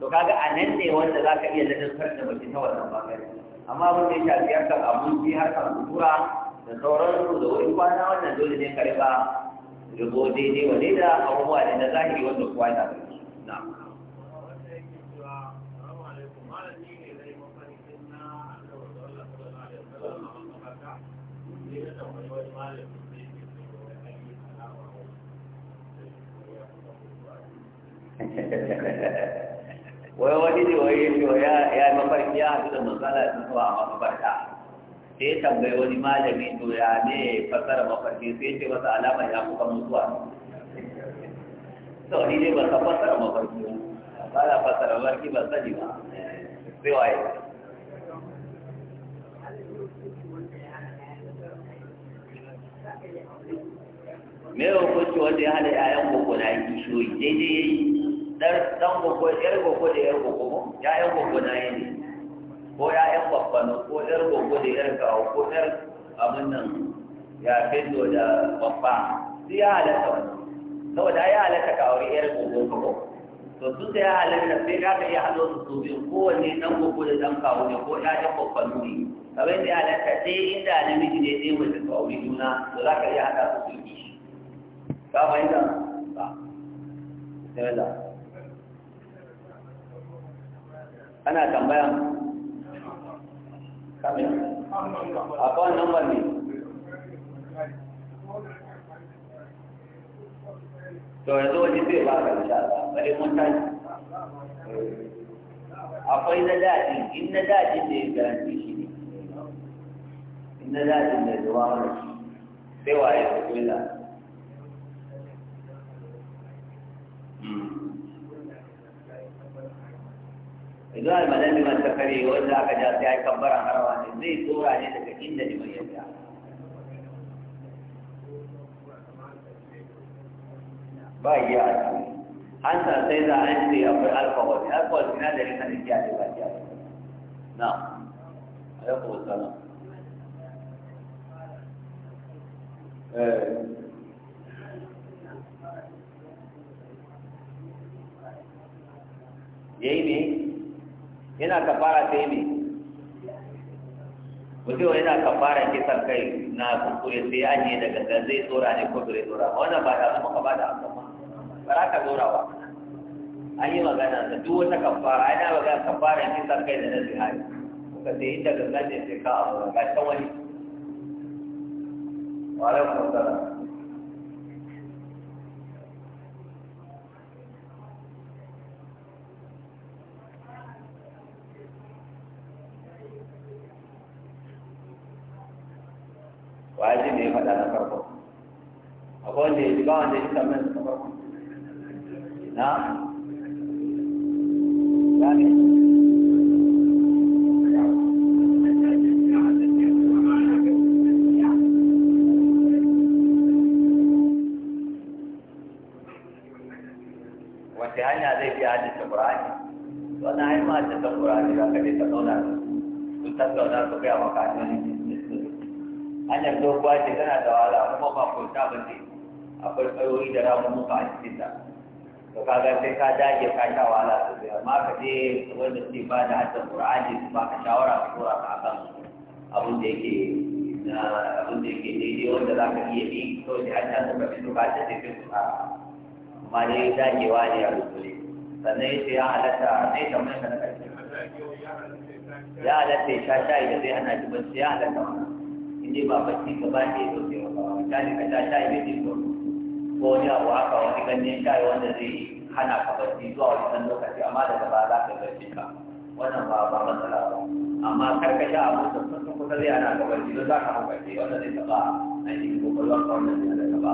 to kaga a nan ne wanda za ka iya ladantar da mace ta wannan kai amma mun da ya shafi harkar abinci harkar kultura da sauransu da wani kwana wannan dole ne ka riba rigo daidai wa daidai abubuwa ne na zahiri wanda kowa yana da wai wani ne wai ya ce ya yi mafarki ya haɗu da matsala da zuwa a mafarka sai ya tambayi wani malami to ya ne fasara mafarki sai ce masa alama ya kuka mutuwa to ni ne ba ka fasara mafarki ba ba na fasara mafarki ba sani ba sai waye me ya hukunci wanda ya hada ƴaƴan koko na yi kishiyoyi daidai ya yi ɗan koko ƴar koko da ƴar koko mu ƴaƴan koko na yi ne ko ƴaƴan babbano ko ƴar koko da ƴar kawo ko ƴar abin nan ya fito da babba su ya halatta wannan saboda ya halatta ka aure ƴar gogo kawo to tun da ya halatta sai ka ka iya haɗo su su biyu kowanne ɗan koko da ɗan kawo ne ko ƴaƴan babbano ne kamar yadda ya halatta sai inda namiji ne ɗaya mace su aure juna to za ka iya hada su su biyu ka fahimta ba bismillah ana tambaya kamar akwai ne to yanzu wani zai ba ka insha ba, bare mun tashi akwai na daɗi in na daɗi ne garanti shi ne in na daɗi ne zuwa wani sai waye bismillah yanzu a madan liman ta kare wanda aka ja sai ai kabbara harawa ne zai tsora ne daga inda liman ya tsaya ba iya an sa sai za a ce akwai alkohol alkohol na da ke a ne ba ya na alaikum assalam eh yayi ne yana kafara sai ne mutum yana kafara kisan kai na kuskure sai an yi da gangan zai tsora ne ko zai tsora ba wannan ba da maka ba da amsa ba za ka tsora ba an yi magana da duk wata kafara ana magana kafara kisan kai da na zihari kuka sai inda gangan ne sai ka abu ga ta wa alaikum assalam ba wanda ya samu da kamar na sai ka dage ka sha wahala sosai amma ka je wanda ke ba da hadda qur'ani su ba ka shawara ka tura ka akan abin da yake na abin da yake daidai wanda za ka iya bi to da hadda su ka fito ka ta tafi su ka amma dai dagewa ne a rubuce sannan ya ce ya halatta ne ta ka na ƙarshe ya halatta ya sha shayi da zai hana shi bacci ya halatta wannan in dai ba bacci ka ba ke zo sai ba misali ka sha shayi da zai zo ko wani abu haka wani ganin shayi wanda zai yi. hana ka barci zuwa wani ɗan lokaci amma da ba za ka barci ka wannan ba ba matsala ba amma kar ka sha abin da sun sun kusa zai ana barci don za ka hau barci wannan zai taɓa ainihin kwakwalwar ka wannan zai ana taɓa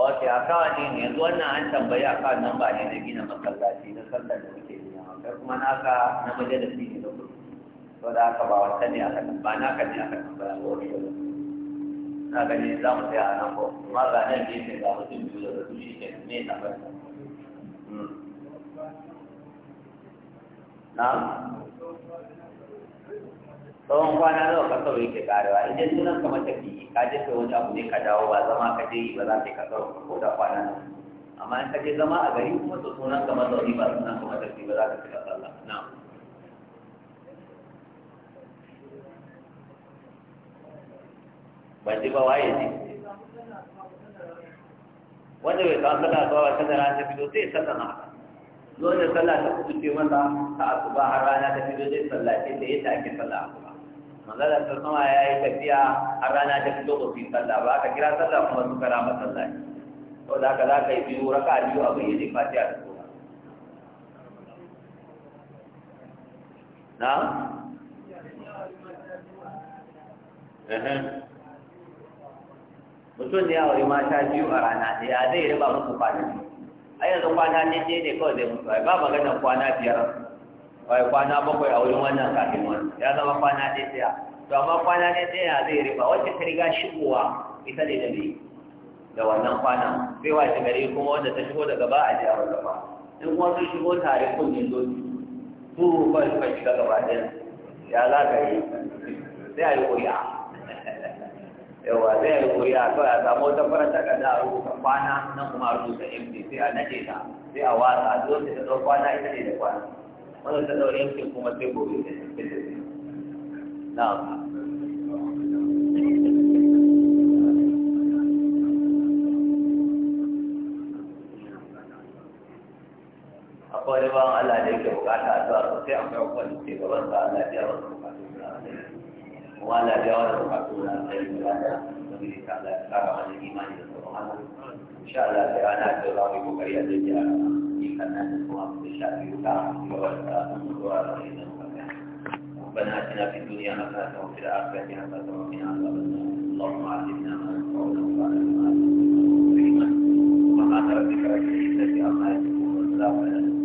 wace a kawai ne yanzu wannan an tambaya kan nan ba ne na gina masallaci na sallar da muke gina kuma naka na majalisi to da aka ba wata ne aka ba na kan ne aka tambaya ko shi yau na gani za mu tsaya a nan ko amma ga nan ne ne ga mutum biyu da su shi ne ne na ba na tsawon kwana nawa ka kawai yake karewa idan sunan kamar matafi ka je kai wani abu ne ka dawo ba zama ka je yi ba za ka yi ka ko da kwana nan amma in ka je zama a gari kuma to sunan ka mazauni ba sunan kamar matafi ba za ka fi ka sallah na'am ban ji ba waye ji wanda bai san sallah ba ba sallah ta fito sai sallah na dole sallah ta kubuce masa ta asuba har rana ta fito sai sallah ce da yadda ake sallah asuba manzala ta sama ya yi tafiya har rana ta fito ba su yi sallah ba aka kira sallah kuma su kara ma sallah Ko da ka za ka yi biyu raka biyu a bayyane fatiha da sura na? mutum ne ya wuri mata biyu a rana ɗaya zai riba musu kwana a yanzu kwana ne ɗaya ne kawai zai mutu ba magana kwana biyar wai kwana bakwai a wurin wannan kafin wani? ya zama kwana ɗaya ɗaya to amma kwana ne ɗaya ɗaya zai riba wacce ta riga shigowa ita ne da mai da wannan kwana sai wace gari kuma wanda ta shigo daga ba a ji a wanda ba in kuma sun shigo tare kun ne zo su ba su kan shiga gaba ɗaya ya za ka yi sai a yi ƙuri'a yawa zai yi wuri a kawai a samu wata farar takarda a rubuta kwana nan kuma a rubuta mt sai a nake ta sai a wasa a zo ta ɗau kwana ita ne da kwana wanda ta ɗaure mt kuma sai gobe ta ce da zai na'am akwai wani bawan Allah da yake bukata a zuwa sosai akwai wani ke gaban sa Allah ya wasu وعلى جواز الرسول عن خير الولادة وبه تعالى أكثر عن الإيمان والقرآن إن شاء الله تعالى تراوي بكرية الجارة في فنان في بالشعب يتعرف في وقرآن الإيمان ربنا اتنا في الدنيا حسنه وفي الاخره حسنه وقنا عذاب اللهم علمنا ما ينفعنا وارزقنا ما ينفعنا وما ترك ربك رجل عما يصفون والسلام على